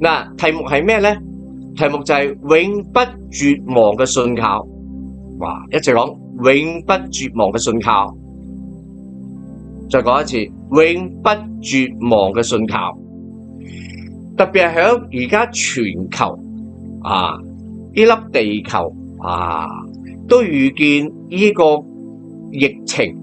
嗱，題目係咩咧？題目就係、是、永不絕望嘅信靠。哇，一直講永不絕望嘅信靠，再講一次永不絕望嘅信靠。特別係響而家全球啊，呢粒地球啊，都遇見呢個疫情。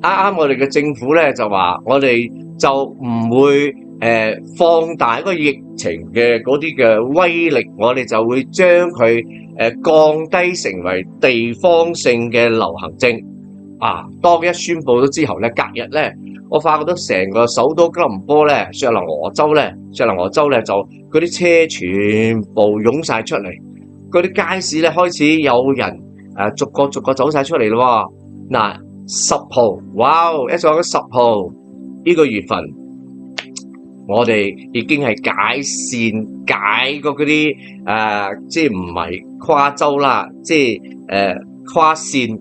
啱啱我哋嘅政府咧就話，我哋就唔會。誒放大嗰個疫情嘅嗰啲嘅威力，我哋就會將佢誒降低成為地方性嘅流行症啊！當一宣布咗之後咧，隔日咧，我發覺到成個首都吉隆坡，呢雪蘭莪州咧，即係蘭莪州咧，即係蘭莪州咧，就嗰啲車全部湧晒出嚟，嗰啲街市咧開始有人誒逐，逐個逐個走晒出嚟啦喎！嗱、啊，十號，哇，一早嘅十號呢，呢個月份。我哋已經係解線解過嗰啲誒，即係唔係跨州啦，即係誒跨線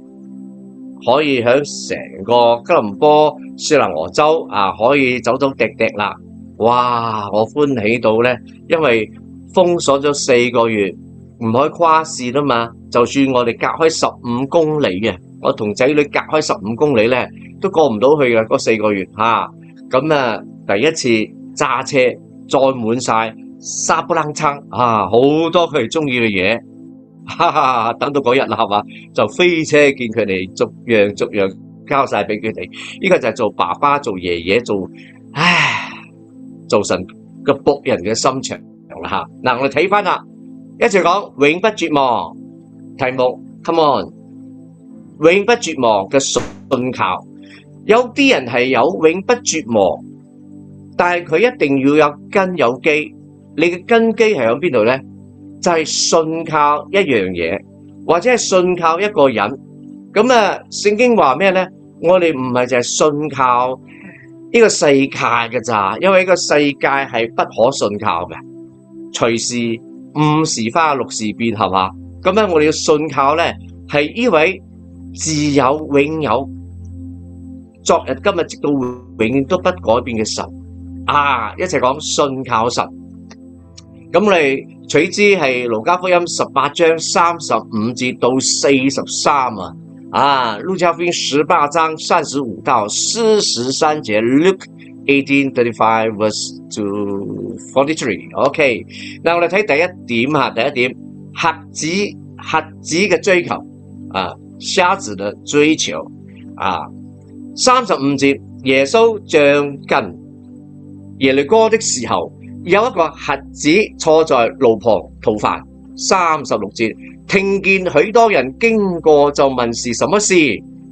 可以喺成個吉隆坡雪蘭莪州啊，可以走走趯趯啦。哇！我歡喜到咧，因為封鎖咗四個月，唔可以跨線啦嘛。就算我哋隔開十五公里嘅，我同仔女隔開十五公里咧，都過唔到去嘅嗰四個月嚇。咁啊，第一次。揸車載滿晒，沙煲罌罉啊！好多佢哋中意嘅嘢，等到嗰日啦係嘛，就飛車見佢哋逐樣逐樣交晒俾佢哋。呢個就係做爸爸、做爺爺、做唉、做神嘅僕人嘅心情啦吓。嗱，我哋睇翻啦，一齊講永不絕望。題目 Come on，永不絕望嘅信靠。有啲人係有永不絕望。但係佢一定要有根有基，你嘅根基係喺邊度咧？就係信靠一樣嘢，或者係信靠一個人。咁啊，聖經話咩咧？我哋唔係就係信靠呢個世界嘅咋，因為呢個世界係不可信靠嘅，隨時五時花六時變，係嘛？咁咧，我哋要信靠咧係呢位自有永有，昨日今日直到永遠都不改變嘅神。啊！一齊講信靠神。咁我哋取之係《路加福音》十八章三十五至到四十三啊，《路加福音》十八章三十五到四十三節。Luke, eighteen thirty-five verse to forty-three. OK。嗱，我哋睇第一點吓，第一點瞎子，瞎子嘅追求啊，瞎子嘅追求啊。三十五節，耶穌將近耶利哥的時候，有一個瞎子坐在路旁討飯。三十六節，聽見許多人經過就問是什麼事。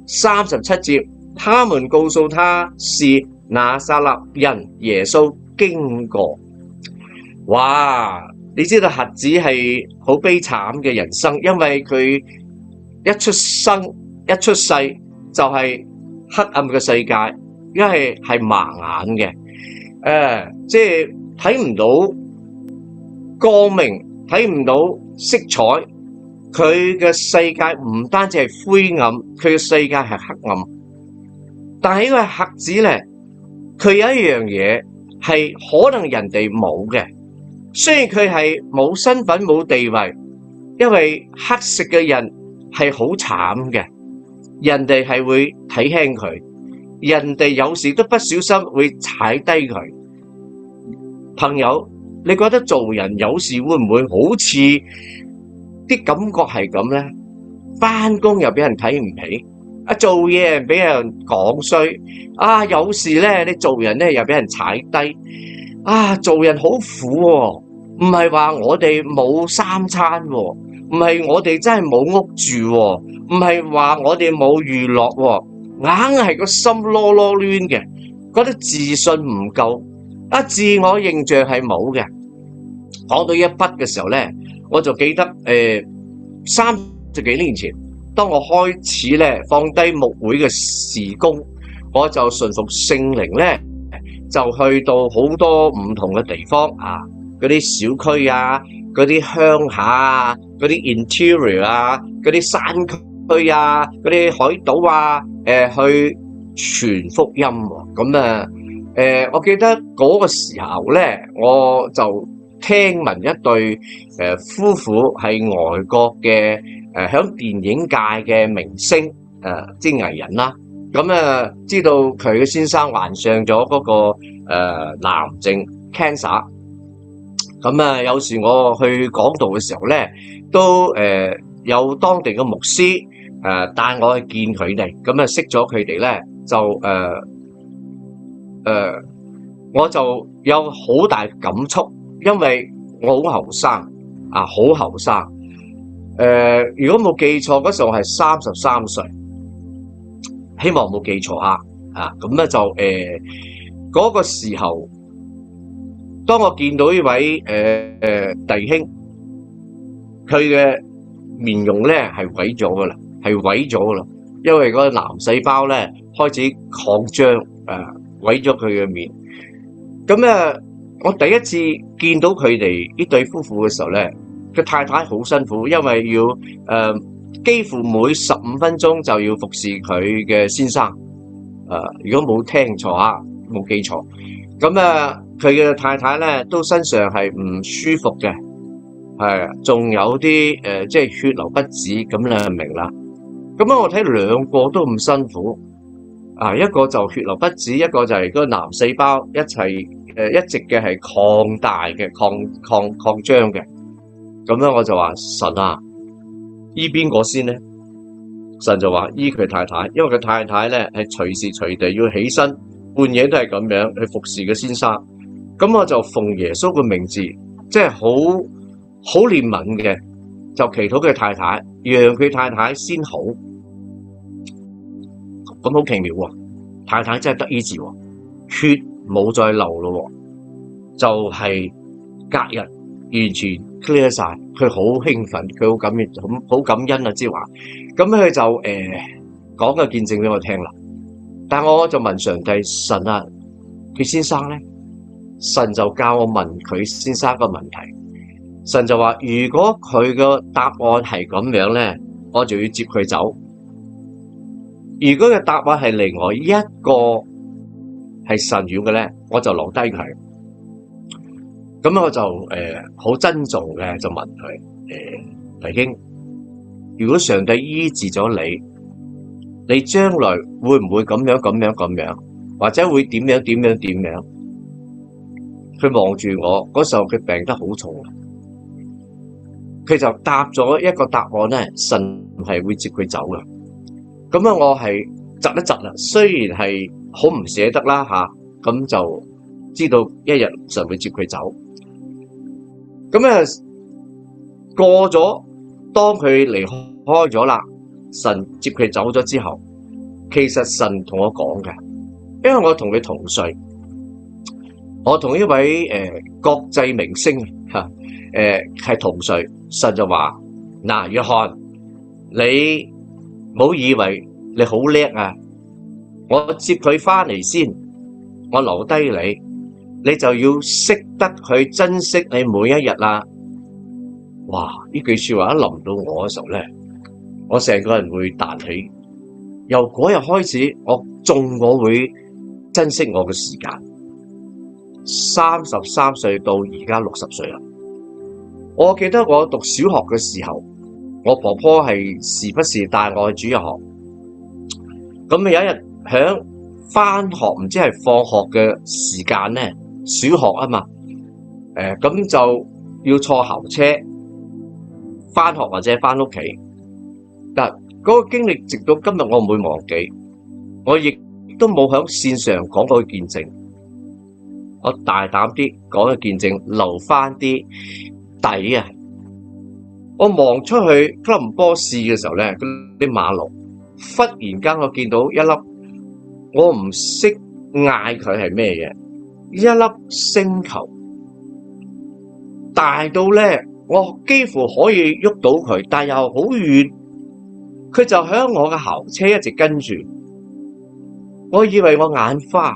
三十七節，他們告訴他是拿撒勒人耶穌經過。哇，你知道瞎子係好悲慘嘅人生，因為佢一出生一出世就係黑暗嘅世界，因為係，係盲眼嘅。誒，即係睇唔到光明，睇唔到色彩，佢嘅世界唔單止係灰暗，佢嘅世界係黑暗。但係呢個黑子咧，佢有一樣嘢係可能人哋冇嘅。雖然佢係冇身份、冇地位，因為乞食嘅人係好慘嘅，人哋係會睇輕佢。人哋有時都不小心會踩低佢，朋友，你覺得做人有時會唔會好似啲感覺係咁咧？翻工又俾人睇唔起，啊做嘢俾人講衰，啊有時咧你做人咧又俾人踩低，啊做人好苦喎，唔係話我哋冇三餐喎，唔係我哋真係冇屋住喎，唔係話我哋冇娛樂喎。硬係個心囉囉攣嘅，嗰啲自信唔夠，啊自我形象係冇嘅。講到一筆嘅時候咧，我就記得誒三十幾年前，當我開始咧放低牧會嘅事工，我就順服聖靈咧，就去到好多唔同嘅地方啊，嗰啲小區啊，嗰啲鄉下啊，嗰啲 interior 啊，嗰啲山區。去啊！嗰啲海島啊，誒、呃，去傳福音咁啊，誒、呃，我記得嗰個時候咧，我就聽聞一對誒、呃、夫婦係外國嘅誒響電影界嘅明星誒，即係藝人啦。咁啊，知道佢嘅先生患上咗嗰、那個誒癌症 cancer。咁、呃、啊，有時我去講道嘅時候咧，都誒有當地嘅牧師。誒帶我去見佢哋，咁啊識咗佢哋咧，就誒誒，我就有好大感觸，因為我好後生啊，好後生誒。如果冇記錯，嗰時候係三十三歲，希望冇記錯嚇啊。咁咧就誒嗰個時候，當我見到呢位誒誒弟兄，佢嘅面容咧係毀咗㗎啦。係毀咗噶啦，因為嗰個癌細胞咧，開始擴張，誒毀咗佢嘅面。咁誒，我第一次見到佢哋呢對夫婦嘅時候咧，佢太太好辛苦，因為要誒幾乎每十五分鐘就要服侍佢嘅先生。誒，如果冇聽錯吓，冇記錯，咁誒佢嘅太太咧都身上係唔舒服嘅，係仲有啲誒即係血流不止，咁你明啦。咁我睇兩個都咁辛苦，啊，一個就血流不止，一個就係個男細胞一齊誒一直嘅係擴大嘅、擴擴擴張嘅。咁咧我就話神啊，醫邊個先咧？神就話醫佢太太，因為佢太太咧係隨時隨地要起身，半夜都係咁樣去服侍佢先生。咁我就奉耶穌嘅名字，即係好好憐憫嘅。就祈禱佢太太，讓佢太太先好。咁好奇妙喎、哦，太太真係得醫治、哦，血冇再流咯、哦，就係、是、隔日完全 clear 晒，佢好興奮，佢好感謝，好感恩啊之話。咁佢就誒講、欸、個見證俾我聽啦。但我就問上帝神啊，佢先生咧，神就教我問佢先生個問題。神就話：如果佢嘅答案係咁樣咧，我就要接佢走；如果佢嘅答案係另外一個係神要嘅咧，我就留低佢。咁樣我就誒好珍重嘅就問佢：誒，黎經，如果上帝醫治咗你，你將來會唔會咁樣、咁樣、咁樣，或者會點樣、點樣、點樣？佢望住我嗰時候，佢病得好重。佢就答咗一個答案咧，神係會接佢走㗎。咁啊，我係窒一窒啦，雖然係好唔捨得啦吓，咁就知道一日神會接佢走。咁啊，過咗當佢離開咗啦，神接佢走咗之後，其實神同我講嘅，因為我同佢同歲，我同呢位誒國際明星吓。誒係、呃、同歲，神就話：嗱、啊，約翰，你唔好以為你好叻啊！我接佢翻嚟先，我留低你，你就要識得去珍惜你每一日啦。哇！呢句說話一臨到我嘅時候咧，我成個人會彈起。由嗰日開始，我仲會珍惜我嘅時間。三十三歲到而家六十歲啦。我記得我讀小學嘅時候，我婆婆係時不時帶我去主日學。咁有一日響翻學，唔知係放學嘅時間咧，小學啊嘛，誒、呃、咁就要坐校車翻學或者翻屋企。但嗰個經歷直到今日我唔會忘記，我亦都冇響線上講過嘅見證。我大膽啲講嘅見證，留翻啲。底啊！我望出去哥倫波市嘅時候咧，啲馬路忽然間，我見到一粒，我唔識嗌佢係咩嘅一粒星球，大到咧我幾乎可以喐到佢，但係又好遠，佢就響我嘅校車一直跟住，我以為我眼花，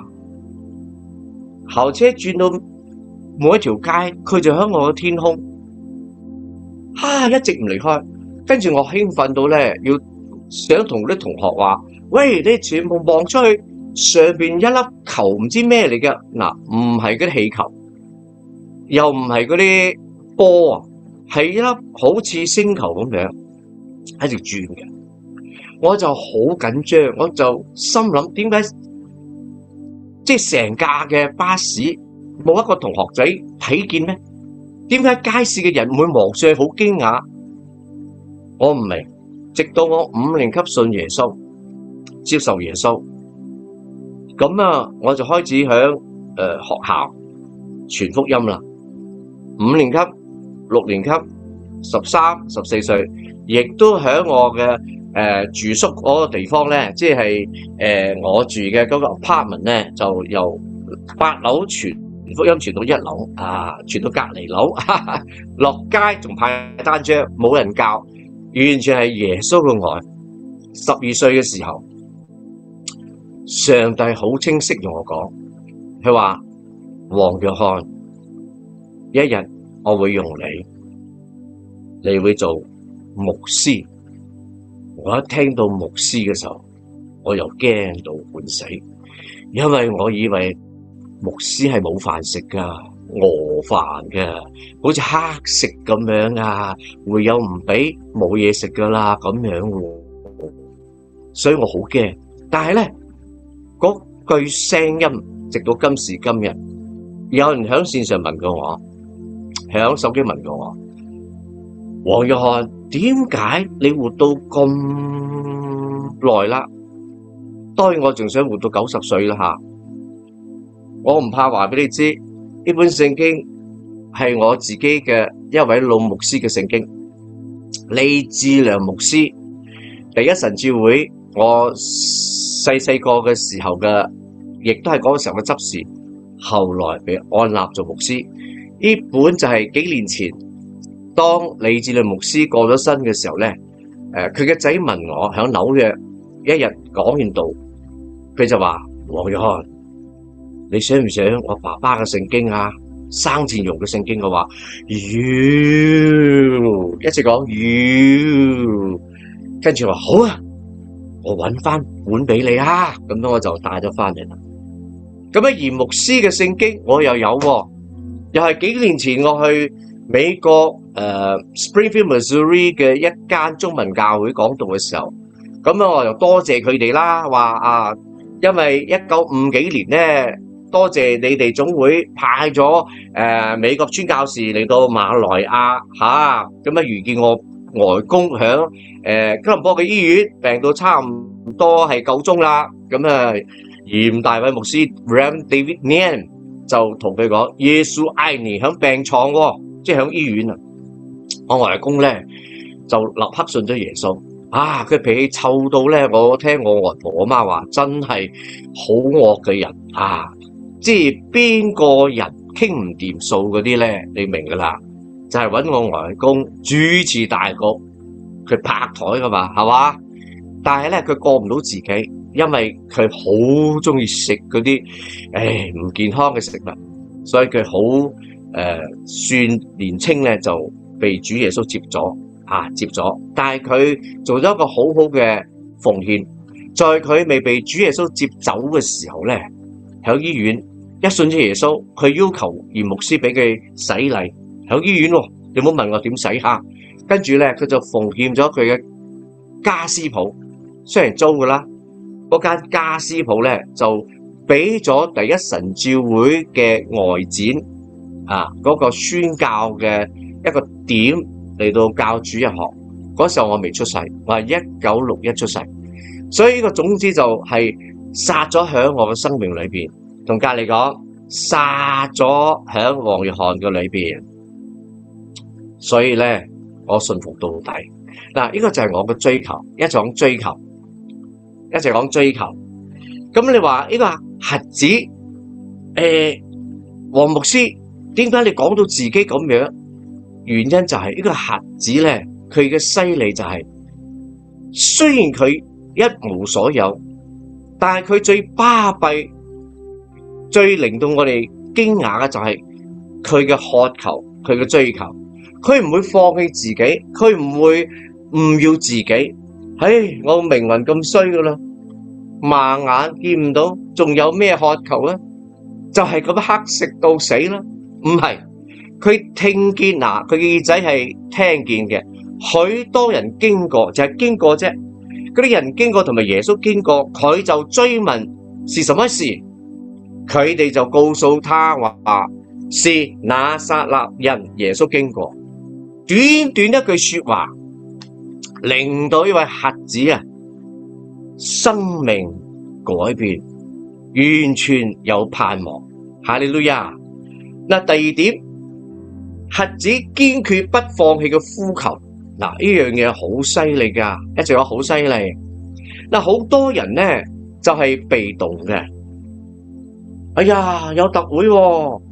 校車轉到每一條街，佢就響我嘅天空。哈、啊！一直唔離開，跟住我興奮到咧，要想同啲同學話：喂！你全部望出去，上邊一粒球唔知咩嚟嘅，嗱，唔係嗰啲氣球，又唔係嗰啲波啊，係一粒好似星球咁樣喺度轉嘅。我就好緊張，我就心諗，點解即係成架嘅巴士冇一個同學仔睇見咩？點解街市嘅人會望上去好驚訝？我唔明，直到我五年級信耶穌，接受耶穌，咁啊，我就開始響誒學校傳福音啦。五年級、六年級，十三、十四歲，亦都喺我嘅誒住宿嗰個地方咧，即係誒我住嘅嗰個 apartment 咧，就由八樓傳。福音傳到一樓，啊，傳到隔籬樓，落街仲派單張，冇人教，完全係耶穌嘅愛。十二歲嘅時候，上帝好清晰同我講，佢話：黃約翰，一日我會用你，你會做牧師。我一聽到牧師嘅時候，我又驚到半死，因為我以為。牧師係冇飯食噶，餓飯嘅，好似乞食咁樣啊！會有唔俾冇嘢食噶啦咁樣，所以我好驚。但係咧，嗰句聲音直到今時今日，有人喺線上問過我，係喺手機問過我：，黃玉翰，點解你活到咁耐啦？當然我仲想活到九十歲啦嚇！我唔怕話俾你知，呢本聖經係我自己嘅一位老牧師嘅聖經，李志良牧師第一神召會，我細細個嘅時候嘅，亦都係嗰個時候嘅執事，後來被按立做牧師。呢本就係幾年前，當李志良牧師過咗身嘅時候呢，誒，佢嘅仔問我喺紐約一日講完道，佢就話，王約翰。你想唔想我爸爸嘅聖經啊？生前用嘅聖經，我話要，一直講要，跟住話好啊，我揾翻本俾你啊。咁樣我就帶咗翻嚟啦。咁樣而牧師嘅聖經我又有，又係幾年前我去美國誒 Springfield Missouri 嘅一間中文教會講道嘅時候，咁樣我又多謝佢哋啦。話啊，因為一九五幾年咧。多謝你哋總會派咗誒、呃、美國宣教士嚟到馬來亞嚇，咁啊遇見我外公喺誒、呃、吉隆坡嘅醫院病到差唔多係夠鐘啦。咁啊，嚴大偉牧師 Ram David Nian 就同佢講：耶穌愛你，喺病牀喎，即係喺醫院啊！我外公咧就立刻信咗耶穌啊！佢脾氣臭到咧，我聽我外婆媽、阿媽話真係好惡嘅人啊！即係邊個人傾唔掂數嗰啲咧？你明噶啦，就係搵我外公主持大局，佢拍台噶嘛，係嘛？但係咧，佢過唔到自己，因為佢好中意食嗰啲誒唔健康嘅食物，所以佢好誒算年青咧就被主耶穌接咗啊，接咗。但係佢做咗一個好好嘅奉獻，在佢未被主耶穌接走嘅時候咧，響醫院。一信咗耶穌，佢要求袁牧師俾佢洗禮，喺醫院喎，你冇問我點洗下。跟住咧，佢就奉獻咗佢嘅家私鋪，雖然租噶啦，嗰間家私鋪咧就俾咗第一神召會嘅外展啊嗰個宣教嘅一個點嚟到教主一學。嗰時候我未出世，我係一九六一出世，所以呢個種子就係撒咗喺我嘅生命裏邊。同隔籬講殺咗響黃月漢嘅裏邊，所以咧我信服到底。嗱，呢個就係我嘅追求，一直講追求，一直講追求。咁你話呢、這個核子。誒、欸，黃牧師，點解你講到自己咁樣？原因就係呢個核子咧，佢嘅犀利就係、是，雖然佢一無所有，但係佢最巴閉。最令到我哋驚訝嘅就係佢嘅渴求，佢嘅追求，佢唔會放棄自己，佢唔會唔要自己。唉、哎，我命運咁衰噶啦，盲眼見唔到，仲有咩渴求咧？就係、是、咁黑食到死啦！唔係，佢聽見嗱，佢、呃、嘅耳仔係聽見嘅。許多人經過就係經過啫，嗰啲人經過同埋耶穌經過，佢就追問是什麼事。佢哋就告訴他話，啊、是拿撒勒人耶穌經過，短短一句說話，令到呢位瞎子啊生命改變，完全有盼望。哈利路亞！嗱，第二點，瞎子堅決不放棄嘅呼求，嗱呢樣嘢好犀利噶，一齊話好犀利。嗱，好多人呢就係被動嘅。哎呀，有特會喎！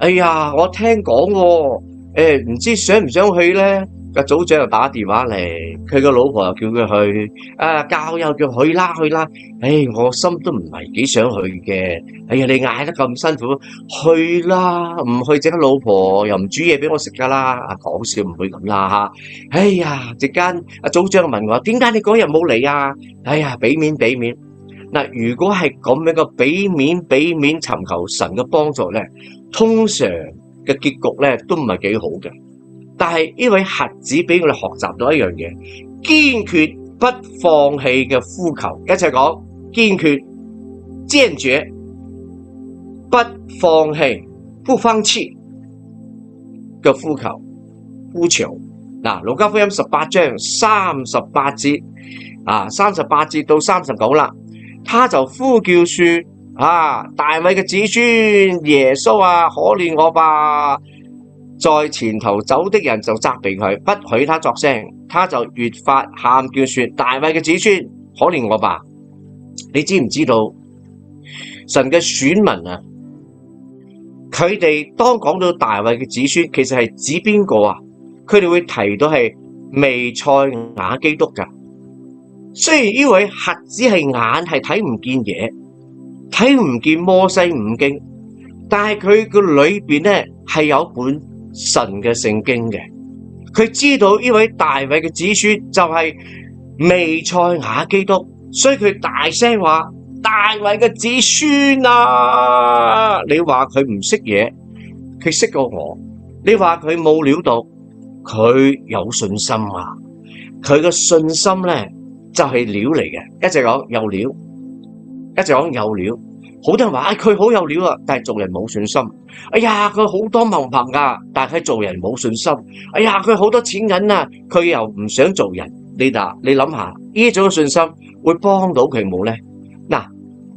哎呀，我聽講喎，誒唔知想唔想去咧。個組長又打電話嚟，佢個老婆又叫佢去，啊，教又叫去啦去啦。唉，我心都唔係幾想去嘅。哎呀，你捱得咁辛苦，去啦！唔去整老婆又唔煮嘢俾我食噶啦。講笑唔會咁啦嚇。哎呀，陣間阿組長問我點解你嗰日冇嚟啊？哎呀，俾面俾面。如果係咁樣嘅俾面俾面，尋求神嘅幫助咧，通常嘅結局咧都唔係幾好嘅。但係呢位瞎子俾我哋學習到一樣嘢，堅決不放棄嘅呼求。一齊講，堅決、堅決、堅決不放棄、不放棄嘅呼求、呼求嗱。《路加福音》十八章三十八節啊，三十八節到三十九啦。他就呼叫說：啊，大衛嘅子孫耶穌啊，可憐我吧！在前頭走的人就責備佢，不許他作聲。他就越發喊叫說：大衛嘅子孫，可憐我吧！你知唔知道神嘅選民啊？佢哋當講到大衛嘅子孫，其實係指邊個啊？佢哋會提到係彌賽亞基督㗎。雖然呢位瞎子係眼係睇唔見嘢，睇唔見摩西五經，但係佢個裏邊咧係有本神嘅聖經嘅。佢知道呢位大衛嘅子孫就係彌賽亞基督，所以佢大聲話：大衛嘅子孫啊！你話佢唔識嘢，佢識過我。你話佢冇料到，佢有信心啊！佢嘅信心咧。就係料嚟嘅，一直講有料，一直講有料。好多人話佢好有料啊，但係做人冇信心。哎呀，佢好多文憑噶，但係做人冇信心。哎呀，佢好多錢銀啊，佢又唔想做人。你嗱，你諗下呢種信心會幫到佢冇咧？嗱，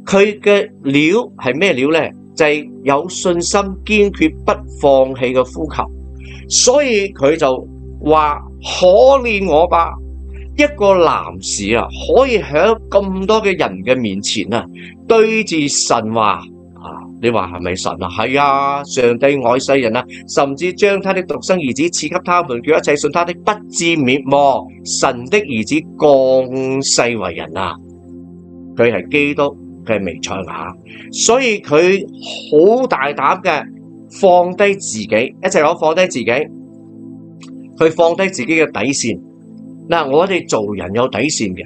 佢嘅料係咩料咧？就係有信心、堅決不放棄嘅呼求。所以佢就話可憐我吧。一個男士啊，可以喺咁多嘅人嘅面前啊，對住神話啊，你話係咪神啊？係啊，上帝愛世人啊，甚至將他的獨生兒子賜給他們，叫一切信他的不至滅亡。神的兒子降世為人啊，佢係基督，佢係彌賽亞，所以佢好大膽嘅放低自己，一齊攞放低自己，去放低自己嘅底線。嗱，我哋做人有底線嘅，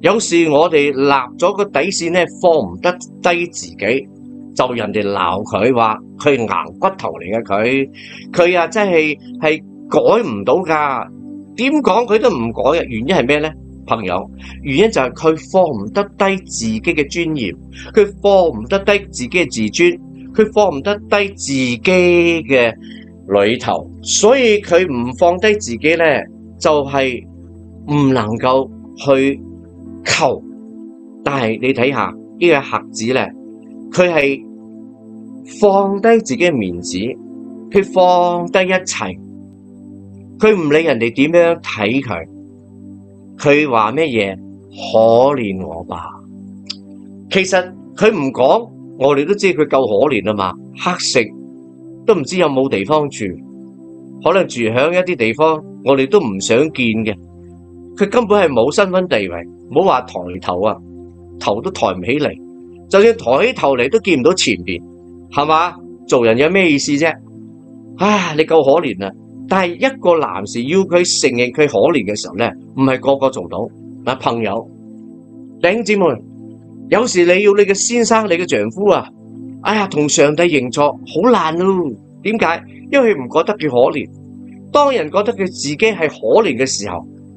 有時我哋立咗個底線咧，放唔得低自己，就人哋鬧佢話佢係硬骨頭嚟嘅佢，佢啊，真係係改唔到㗎。點講佢都唔改嘅原因係咩咧？朋友，原因就係佢放唔得低自己嘅尊嚴，佢放唔得低自己嘅自尊，佢放唔得低自己嘅裏頭，所以佢唔放低自己咧就係唔能夠去求，但係你睇下呢，這個瞎子咧，佢係放低自己嘅面子，佢放低一切，佢唔理人哋點樣睇佢，佢話咩嘢可憐我吧。其實佢唔講，我哋都知佢夠可憐啊嘛，乞食都唔知有冇地方住，可能住響一啲地方，我哋都唔想見嘅。佢根本係冇身份地位，唔好話抬頭啊，頭都抬唔起嚟，就算抬起頭嚟都見唔到前邊，係嘛？做人有咩意思啫？唉，你夠可憐啊！但係一個男士要佢承認佢可憐嘅時候咧，唔係個個做到。嗱，朋友，弟兄姐妹，有時你要你嘅先生、你嘅丈夫啊，哎呀，同上帝認錯好難咯，啊。點解？因為佢唔覺得佢可憐。當人覺得佢自己係可憐嘅時候。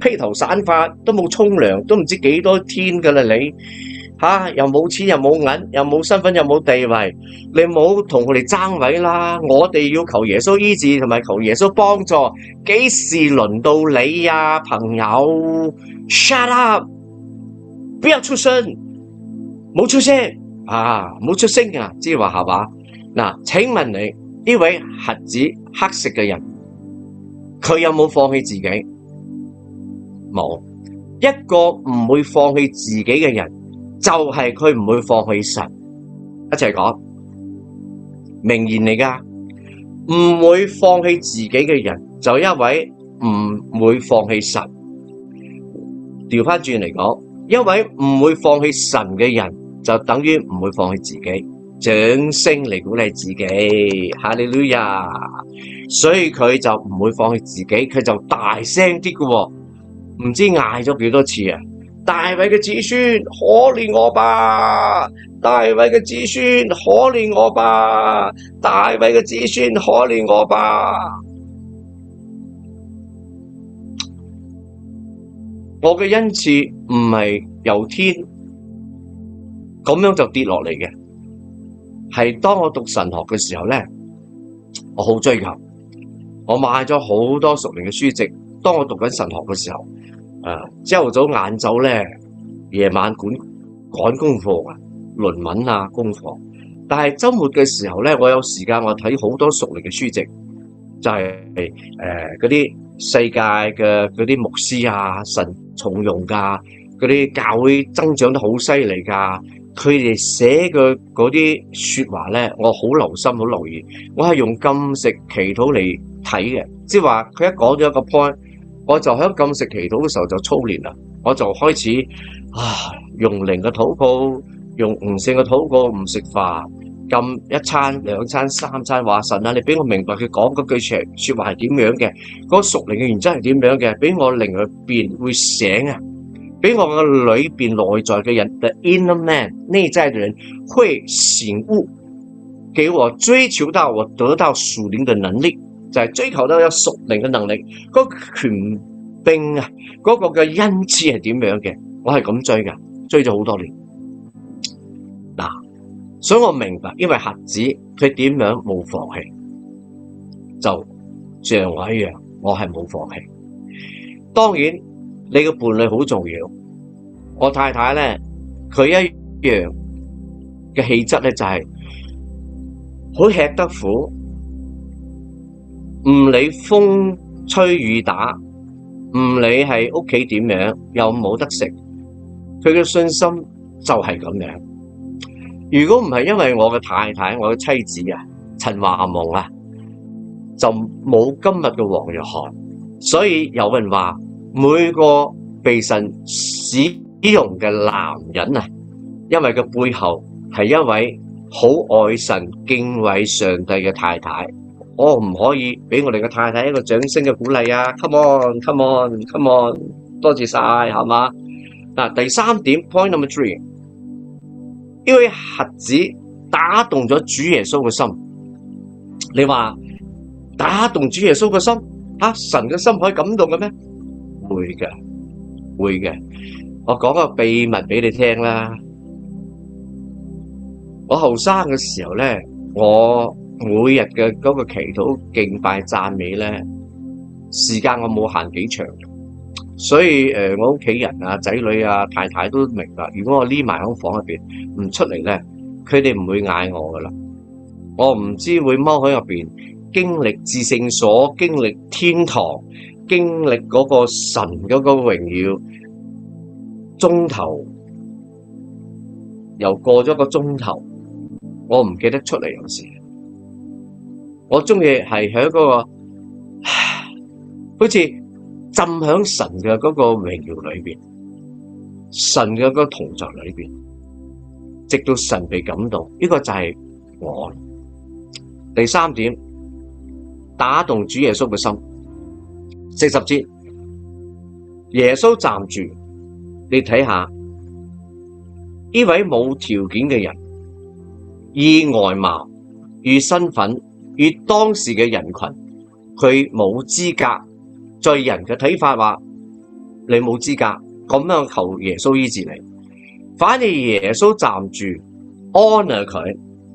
披頭散髮，都冇沖涼，都唔知幾多天噶啦！你吓又冇錢，又冇銀，又冇身份，又冇地位，你咪同我哋爭位啦！我哋要求耶穌醫治，同埋求耶穌幫助，幾時輪到你啊，朋友？Shut up，不要出聲，冇出聲啊，冇出聲啊！即係話係嘛？嗱，請問你呢位瞎子黑色嘅人，佢有冇放棄自己？冇一個唔會放棄自己嘅人，就係佢唔會放棄神。一齊講名言嚟噶，唔會放棄自己嘅人就一位唔會放棄神。調翻轉嚟講，一位唔會放棄神嘅人就等於唔會放棄自己。掌聲嚟鼓勵自己，哈利路亞。所以佢就唔會放棄自己，佢就大聲啲噶。唔知嗌咗幾多次啊！大衛嘅子孫，可憐我吧！大衛嘅子孫，可憐我吧！大衛嘅子孫，可憐我吧！我嘅恩賜唔係由天咁樣就跌落嚟嘅，係當我讀神學嘅時候咧，我好追求，我買咗好多熟練嘅書籍，當我讀緊神學嘅時候。朝頭早晏晝咧，夜晚管趕功課啊，論文啊，功課。但係周末嘅時候咧，我有時間我睇好多熟嚟嘅書籍，就係誒嗰啲世界嘅嗰啲牧師啊、神從容噶，嗰啲教會增長得好犀利噶，佢哋寫嘅嗰啲說話咧，我好留心，好留意，我係用禁食祈禱嚟睇嘅，即係話佢一講咗一個 point。我就喺禁食祈禱嘅時候就操練啦，我就開始啊，用靈嘅禱告，用悟性嘅禱告，唔食飯，禁一餐、兩餐、三餐。話神啊，你俾我明白佢講嗰句說說話係點樣嘅，嗰個屬靈嘅原則係點樣嘅，俾我靈裏邊會醒啊，俾我嘅裏邊內在嘅人，inner man 內在嘅人會醒悟，給我追求到我得到屬靈嘅能力。就係追求到有熟練嘅能力，嗰、那個權柄啊，嗰、那個嘅恩賜係點樣嘅？我係咁追㗎，追咗好多年。嗱，所以我明白，因為孩子佢點樣冇放棄，就像我一樣，我係冇放棄。當然，你嘅伴侶好重要。我太太咧，佢一樣嘅氣質咧就係、是、好吃得苦。唔理風吹雨打，唔理係屋企點樣又冇得食，佢嘅信心就係咁樣。如果唔係因為我嘅太太、我嘅妻子啊，陳華蒙啊，就冇今日嘅王若韓。所以有人話每個被神使用嘅男人啊，因為佢背後係一位好愛神、敬畏上帝嘅太太。我可唔可以俾我哋嘅太太一個掌聲嘅鼓勵啊！Come on，come on，come on，多謝晒，係嘛？嗱，第三點，point number three，呢位孩子打動咗主耶穌嘅心。你話打動主耶穌嘅心，吓神嘅心可以感動嘅咩？會嘅，會嘅。我講個秘密俾你聽啦。我後生嘅時候呢，我每日嘅嗰個祈禱敬拜讚美咧，時間我冇行幾長，所以誒、呃，我屋企人啊仔女啊太太都明白。如果我匿埋喺房入面唔出嚟咧，佢哋唔會嗌我噶啦。我唔知會踎喺入面經歷至聖所，經歷天堂，經歷嗰個神嗰個榮耀，鐘頭又過咗個鐘頭，我唔記得出嚟有時。我鍾意係喺嗰個，好似浸喺神嘅嗰個榮耀裏面，神嘅嗰個同在裏面，直到神被感動，呢、這個就係我。第三點，打動主耶穌嘅心。四十節，耶穌站住，你睇下呢位冇條件嘅人，以外貌與身份。與當時的人群，他冇資格，在人的睇法話你冇資格這樣求耶穌醫治你，反而耶穌站住，honor 他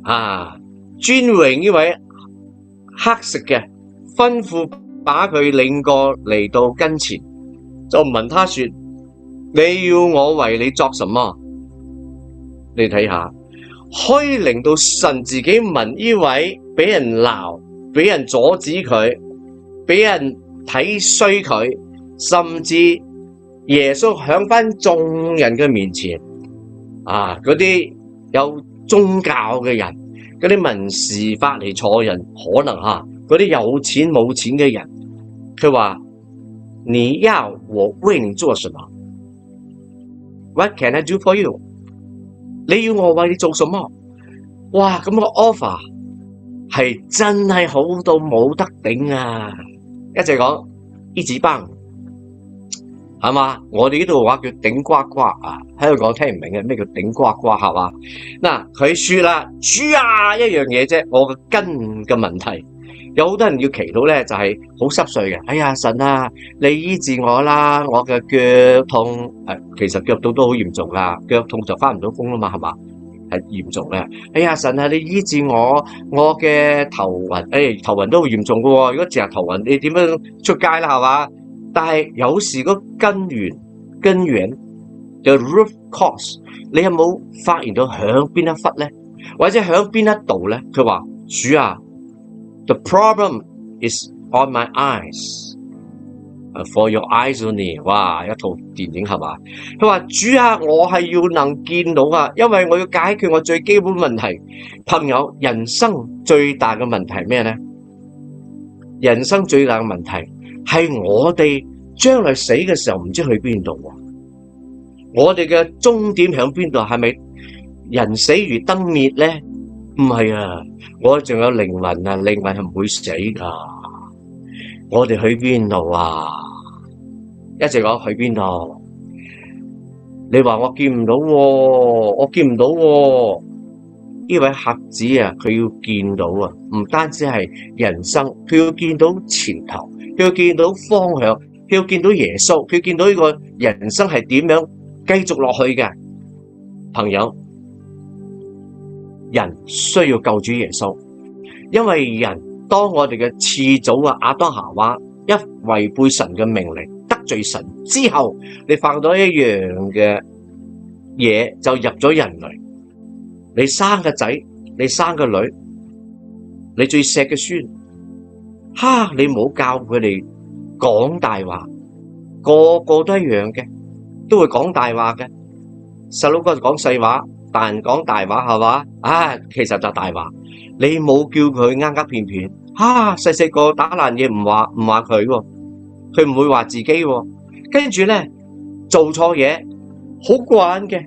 啊，尊榮呢位黑色的，吩咐把他領過來到跟前，就問他說：你要我為你作什麼？你睇下，可以令到神自己問呢位，畀人鬧，畀人阻止佢，畀人睇衰佢，甚至耶穌響翻眾人嘅面前，啊！嗰啲有宗教嘅人，嗰啲民事法嚟錯人，可能吓嗰啲有錢冇錢嘅人，佢話：你要我為你做什麼？What can I do for you？你要我為你做什麼？哇！咁個 offer。係真係好到冇得頂啊，啊，啊！一直講醫治班，係嘛？我哋呢度話叫頂呱呱啊！喺度講聽唔明嘅咩叫頂呱呱，係嘛？嗱，佢輸啦，輸啊，一樣嘢啫，我嘅根嘅問題，有好多人要祈禱咧，就係好濕碎嘅。哎呀，神啊，你醫治我啦，我嘅腳痛，其實腳痛都好嚴重啊，腳痛就翻唔到工啦嘛，係嘛？係嚴重嘅，哎呀，神啊，你醫治我，我嘅頭暈，哎頭暈都好嚴重噶喎，如果成日頭暈，你點樣出街啦？係嘛？但係有時個根源，根源，the root cause，你有冇發現到響邊一忽咧，或者響邊一度咧？佢話主啊，the problem is on my eyes。For your eyes only，哇！一套電影係嘛？佢話主啊，我係要能見到啊，因為我要解決我最基本問題。朋友，人生最大嘅問題係咩咧？人生最大嘅問題係我哋將來死嘅時候唔知去邊度喎？我哋嘅終點響邊度？係咪人死如燈滅咧？唔係啊，我仲有靈魂啊，靈魂係唔會死噶。我哋去邊度啊？一直講去邊度？你話我見唔到，我見唔到呢位客子呀，佢要見到不唔單止是人生，佢要見到前途，佢要見到方向，佢要見到耶穌，佢要見到呢個人生係點樣繼續落去嘅。朋友，人需要救主耶穌，因為人當我哋嘅始祖啊，亞當夏娃一違背神嘅命令。最神之後，你犯咗一樣嘅嘢，就入咗人類，你生個仔，你生個女，你最錫嘅孫，哈！你冇教佢哋講大話，個個都一樣嘅，都會講大話嘅。細佬哥講細話，大人講大話係嘛？啊，其實就大話，你冇叫佢啱啱片片，哈！細細個打爛嘢唔話唔話佢喎佢唔會話自己喎、哦，跟住咧做錯嘢好慣嘅。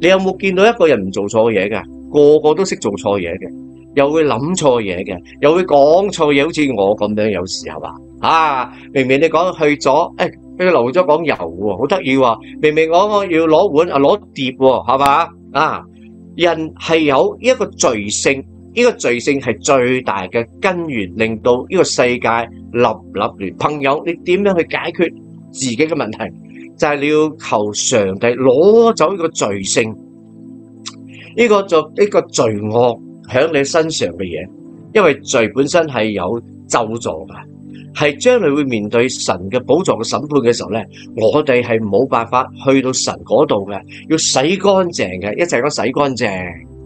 你有冇見到一個人唔做錯嘢嘅？個個都識做錯嘢嘅，又會諗錯嘢嘅，又會講錯嘢。好似我咁樣有時候係嘛啊！明明你講去咗，俾、哎、你留咗講油喎，好得意喎！明明我我要攞碗啊，攞碟喎、哦，係嘛啊？人係有一個罪性。呢個罪性係最大嘅根源，令到呢個世界立立亂。朋友，你點樣去解決自己嘅問題？就係你要求上帝攞走呢個罪性，呢個就呢個罪惡響你身上嘅嘢。因為罪本身係有咒助嘅，係將來會面對神嘅寶座嘅審判嘅時候咧，我哋係冇辦法去到神嗰度嘅，要洗乾淨嘅，一齊都洗乾淨。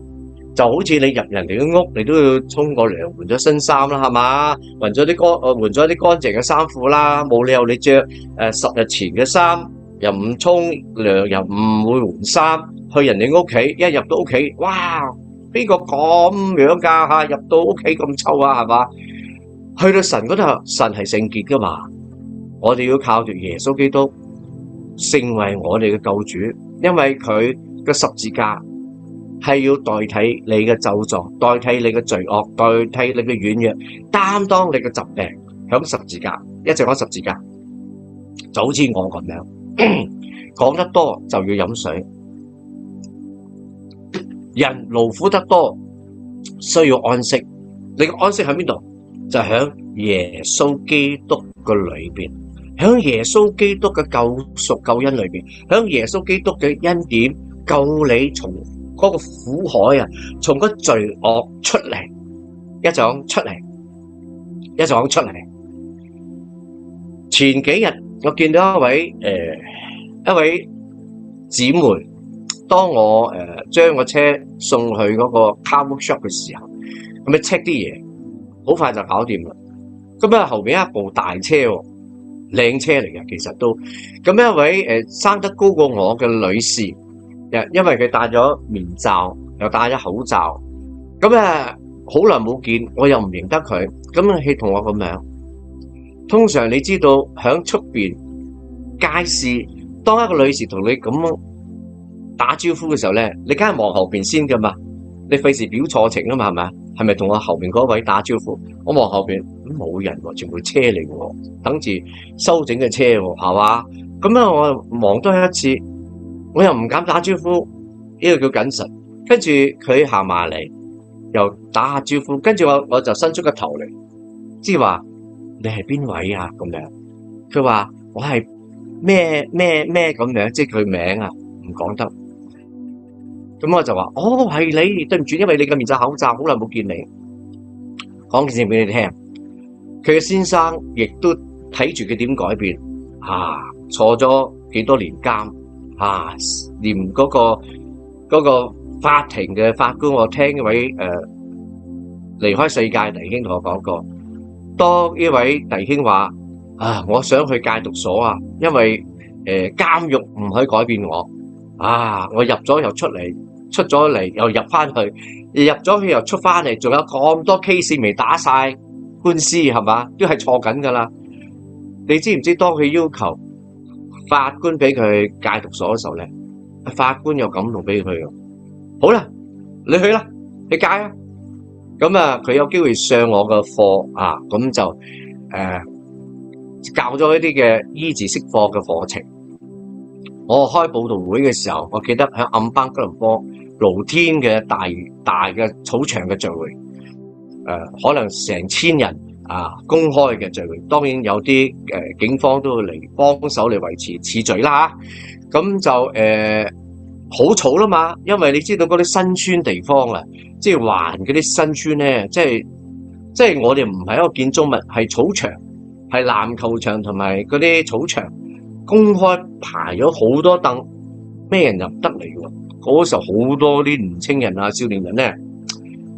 就好似你入人哋嘅屋，你都要沖個涼，換咗新衫啦，係嘛？換咗啲乾，換咗啲乾淨嘅衫褲啦，冇理由你着誒、呃、十日前嘅衫，又唔沖涼，又唔會換衫，去人哋屋企一入到屋企，哇！邊個咁樣噶、啊、吓？入到屋企咁臭啊，係嘛？去到神嗰度，神係聖潔噶嘛，我哋要靠住耶穌基督成為我哋嘅救主，因為佢嘅十字架。係要代替你嘅罪狀，代替你嘅罪惡，代替你嘅軟弱，擔當你嘅疾病，喺十字架一直講十字架。就好似我咁樣講得多就要飲水，人勞苦得多需要安息。你嘅安息喺邊度？就喺耶穌基督嘅裏邊，喺耶穌基督嘅救贖救恩裏邊，喺耶穌基督嘅恩典救你從。嗰個苦海啊，從嗰罪惡出嚟，一講出嚟，一講出嚟。前幾日我見到一位誒一位姊妹，當我誒將個車送去嗰個 car workshop 嘅時候，咁啊 check 啲嘢，好快就搞掂啦。咁啊後面一部大車喎，靚車嚟嘅，其實都咁一位誒生得高過我嘅女士。因為佢戴咗面罩，又戴咗口罩，咁誒好耐冇見，我又唔認得佢，咁佢同我個名。通常你知道喺出邊街市，當一個女士同你咁打招呼嘅時候咧，你梗係望後邊先噶嘛？你費事表錯情啊嘛？係咪啊？係咪同我後面嗰位打招呼？我望後邊都冇人喎，全部車嚟喎，等住修整嘅車喎，係嘛？咁樣，我望多佢一次。我又唔敢打招呼，呢個叫謹慎。跟住佢行埋嚟，又打下招呼。跟住我我就伸出個頭嚟，即係話你係邊位啊？咁樣佢話我係咩咩咩咁樣，即係佢名啊，唔講得。咁我就話，哦係你，對唔住，因為你嘅面罩口罩好耐冇見你。講件事俾你聽，佢嘅先生亦都睇住佢點改變，啊，坐咗幾多年監。啊！連嗰個嗰個法庭嘅法官，我聽一位誒離開世界嘅弟兄同我講過，當呢位弟兄話：啊，我想去戒毒所啊，因為誒監獄唔可以改變我啊！我入咗又出嚟，出咗嚟又入翻去，入咗去又出翻嚟，仲有咁多 case 未打晒官司係嘛啦？都係錯緊㗎啦！你知唔知當佢要求？法官俾佢戒毒所嘅時候咧，法官又感動俾佢嘅。好啦，你去啦，你戒啊。咁啊，佢有機會上我嘅課啊，咁就誒教咗一啲嘅醫治釋放嘅課程。我開佈道會嘅時候，我記得喺暗班格林波露天嘅大大嘅草場嘅聚會，誒可能成千人。啊！公開嘅聚會，當然有啲誒、呃，警方都會嚟幫手嚟維持次序啦。咁就誒好嘈啦嘛，因為你知道嗰啲新村地方啊，即係環嗰啲新村咧，即係即係我哋唔係一個建築物，係草場，係籃球場同埋嗰啲草場公開排咗好多凳，咩人入得嚟㗎？嗰時候好多啲年青人啊，少年人咧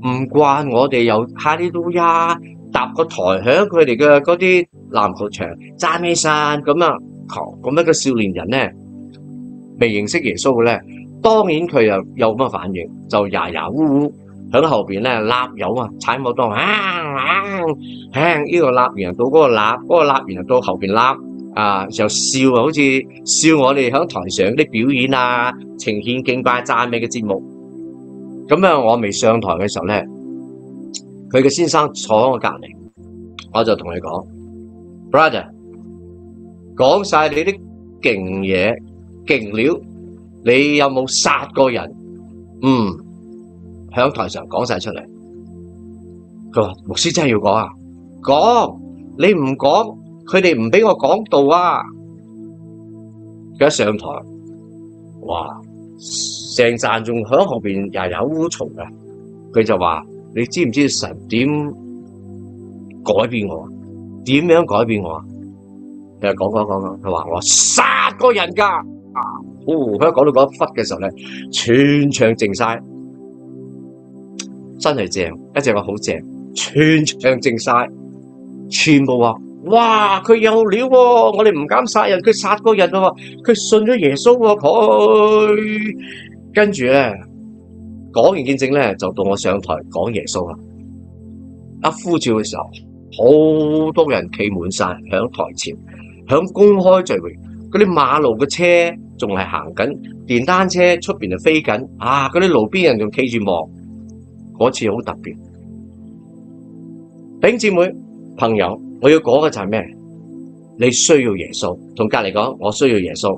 唔慣我哋有哈利路亞。搭個台響佢哋嘅嗰啲籃球場揸咩山咁啊！咁樣,樣一個少年人咧未認識耶穌咧，當然佢又有乜反應？就牙牙烏烏響後面咧，立油啊，踩冇到啊！輕、啊、呢、嗯這個立完到嗰個攔，嗰、那個攔完到後面立，啊！就笑啊，好似笑我哋響台上啲表演啊、呈現敬拜讚美嘅節目。咁啊，我未上台嘅時候咧。佢嘅先生坐喺我隔離，我就同佢講：Brother，講晒你啲勁嘢勁料，你有冇殺過人？嗯，響台上講晒出嚟。佢話：牧師真係要講啊，講！你唔講，佢哋唔畀我講道啊。佢一上台，哇，成羣仲響後邊日日烏嘈嘅，佢就話。你知唔知神點改變我啊？點樣改變我啊？佢講講講講，佢話我殺過人㗎！啊！哦，佢一講到嗰一忽嘅時候呢，全場靜晒，真係正，一直話好正，全場靜晒，全部話哇，佢有料喎！啊！我哋唔敢殺人，佢殺過人啊！佢信咗耶穌喎！啊！佢跟住呢。講完見證咧，就到我上台講耶穌啦。一呼召嘅時候，好多人企滿晒響台前，響公開聚會，嗰啲馬路嘅車仲係行緊，電單車出邊就飛緊啊！嗰啲路邊人仲企住望，嗰次好特別。丙姐妹朋友，我要講嘅就係咩？你需要耶穌，同隔籬講，我需要耶穌。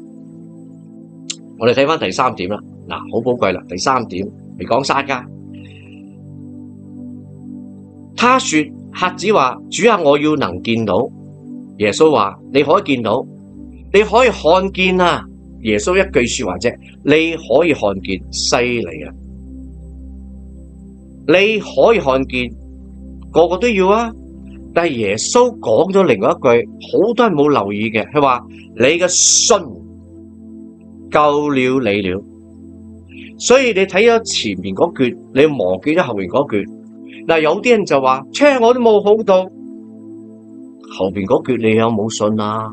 我哋睇翻第三點啦，嗱，好寶貴啦，第三點。沒講沙噶，他說瞎子話主啊，我要能見到，耶穌話你可以見到，你可以看見啊，耶穌一句說話啫，你可以看見，犀利啊，你可以看見，個個都要啊，但耶穌講咗另外一句，好多人冇留意嘅，佢話你嘅信救了你了。所以你睇咗前面嗰句，你忘記咗後邊嗰句。嗱，有啲人就話，車我都冇好到，後邊嗰句你有冇信啊？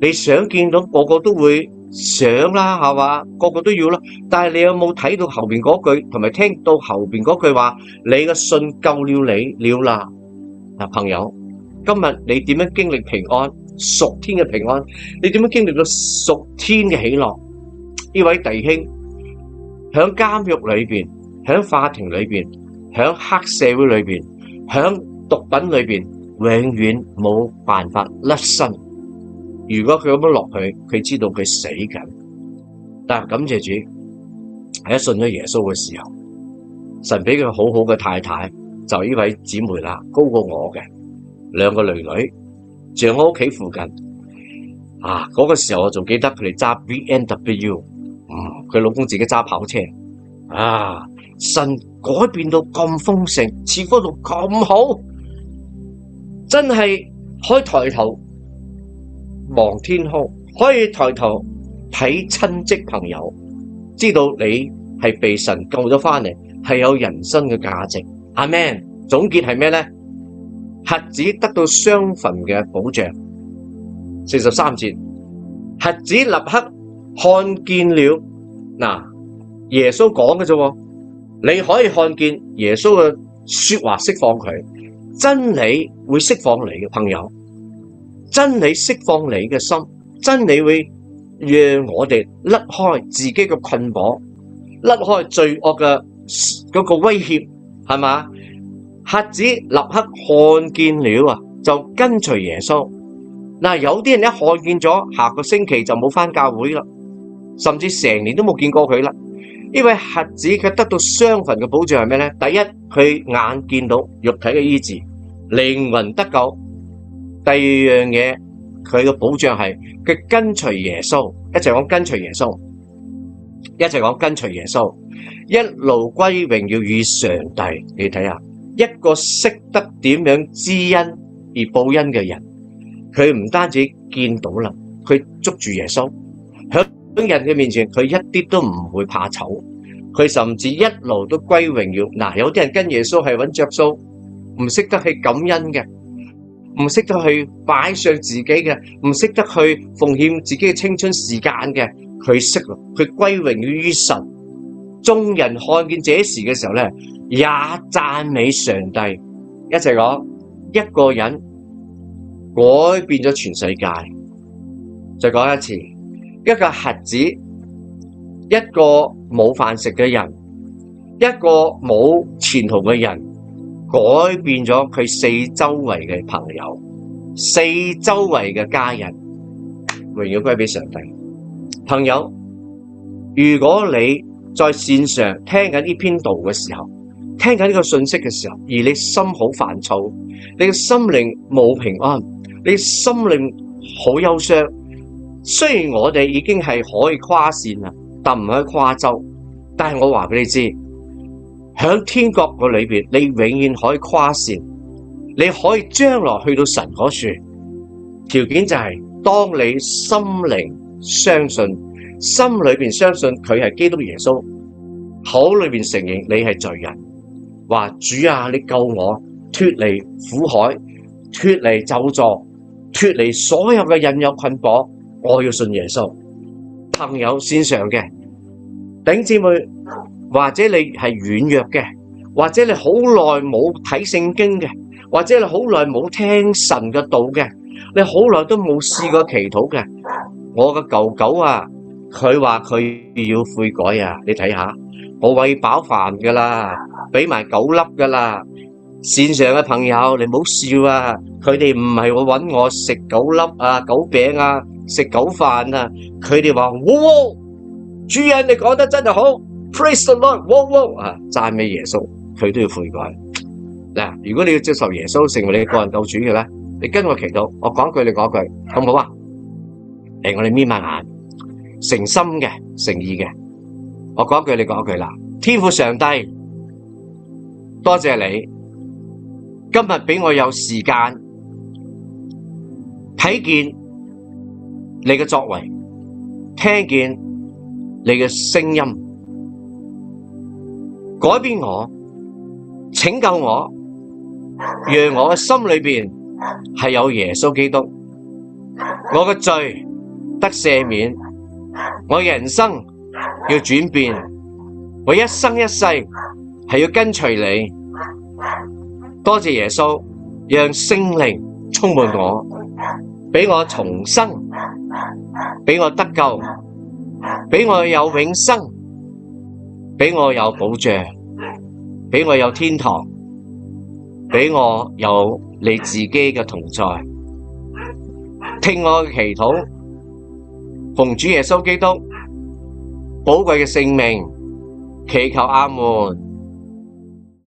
你想見到個個都會想啦，係嘛？個個都要啦。但係你有冇睇到後邊嗰句，同埋聽到後邊嗰句話？你嘅信救了你了啦。嗱，朋友，今日你點樣經歷平安？屬天嘅平安，你點樣經歷到屬天嘅喜樂？呢位弟兄。在監獄裏面、在法庭裏面、在黑社會裏面、在毒品裏面，永遠冇辦法甩身。如果佢咁樣落去，佢知道佢死緊。但是感謝主，喺信咗耶穌嘅時候，神畀佢好好嘅太太，就依位姊妹啦，高過我嘅兩個女女，住喺我屋企附近。啊，嗰、嗰個時候我仲記得佢哋揸 VNW。佢、嗯、老公自己揸跑車啊，神改變到咁豐盛，似前途咁好，真係可以抬頭望天空，可以抬頭睇親戚朋友，知道你係被神救咗翻嚟，係有人生嘅價值。阿 Man，總結係咩咧？核子得到雙份嘅保障，四十三節，核子立刻。看見了嗱，耶穌講嘅喎，你可以看見耶穌嘅說話釋放佢，真理會釋放你嘅朋友，真理釋放你嘅心，真理會讓我哋甩開自己嘅困惑，甩開罪惡嘅嗰個威脅，係咪？瞎子立刻看見了啊，就跟隨耶穌。嗱，有啲人一看見咗，下個星期就冇返教會啦。甚至成年都冇見過佢啦。呢位瞎子佢得到雙份嘅保障係咩呢？第一佢眼見到肉體嘅醫治，靈魂得救。第二樣嘢佢嘅保障係佢跟隨耶穌，一齊講跟隨耶穌，一齊講跟隨耶穌，一路歸榮耀與上帝。你睇下一個識得點樣知恩而報恩嘅人，佢唔單止見到啦，佢捉住耶穌響。喺人嘅面前，佢一啲都唔會怕醜，佢甚至一路都歸榮耀。嗱，有啲人跟耶穌係揾着數，唔識得去感恩嘅，唔識得去擺上自己嘅，唔識得去奉獻自己嘅青春時間嘅，佢識，佢歸榮耀於神。眾人看見這事嘅時候咧，也讚美上帝，一齊講：一個人改變咗全世界。再講一次。一個盒子，一個冇飯食嘅人，一個冇前途嘅人，改變咗佢四周圍嘅朋友、四周圍嘅家人，榮耀歸俾上帝。朋友，如果你在線上聽緊呢篇道嘅時候，聽緊呢個信息嘅時候，而你心好煩躁，你嘅心靈冇平安，你嘅心靈好憂傷。.雖然我哋已經係可以跨線啦，但唔可以跨州。但係我話俾你知，響天國個裏面，你永遠可以跨線，你可以將來去到神嗰處。條件就係、是、當你心靈相信，心裏面相信佢係基督耶穌，口裏面承認你係罪人，話主啊，你救我脱離苦海，脱離咒詛，脱離所有嘅引誘捆綁。我要信耶穌，朋友線上嘅頂姊妹，或者你係軟弱嘅，或者你好耐冇睇聖經嘅，或者你好耐冇聽神嘅道嘅，你好耐都冇試過祈禱嘅。我嘅狗狗啊，佢話佢要悔改啊，你睇下，我餵飽飯噶啦，俾埋狗粒噶啦。線上嘅朋友，你唔好笑啊！佢哋唔係會搵我食狗粒啊、狗餅啊、食狗飯啊，佢哋話：「哇！主恩你講得真係好，Praise the Lord！哇哇啊，讚美耶穌，佢都要悔改。嗱，如果你要接受耶穌成為你個人救主嘅話，你跟我祈禱，我講句你講句，好唔好啊？嚟，我哋眯埋眼，誠心嘅、誠意嘅，我講一句你講一句啦。天父上帝，多謝你。今日俾我有時間睇見你嘅作為，聽見你嘅聲音，改變我，拯救我，讓我嘅心裏邊係有耶穌基督，我嘅罪得赦免，我嘅人生要轉變，我一生一世係要跟隨你。多謝耶穌，讓聖靈充滿我，俾我重生，俾我得救，俾我有永生，俾我有保障，俾我有天堂，俾我有你自己嘅同在。聽我的祈禱，奉主耶穌基督寶貴嘅性命，祈求阿門。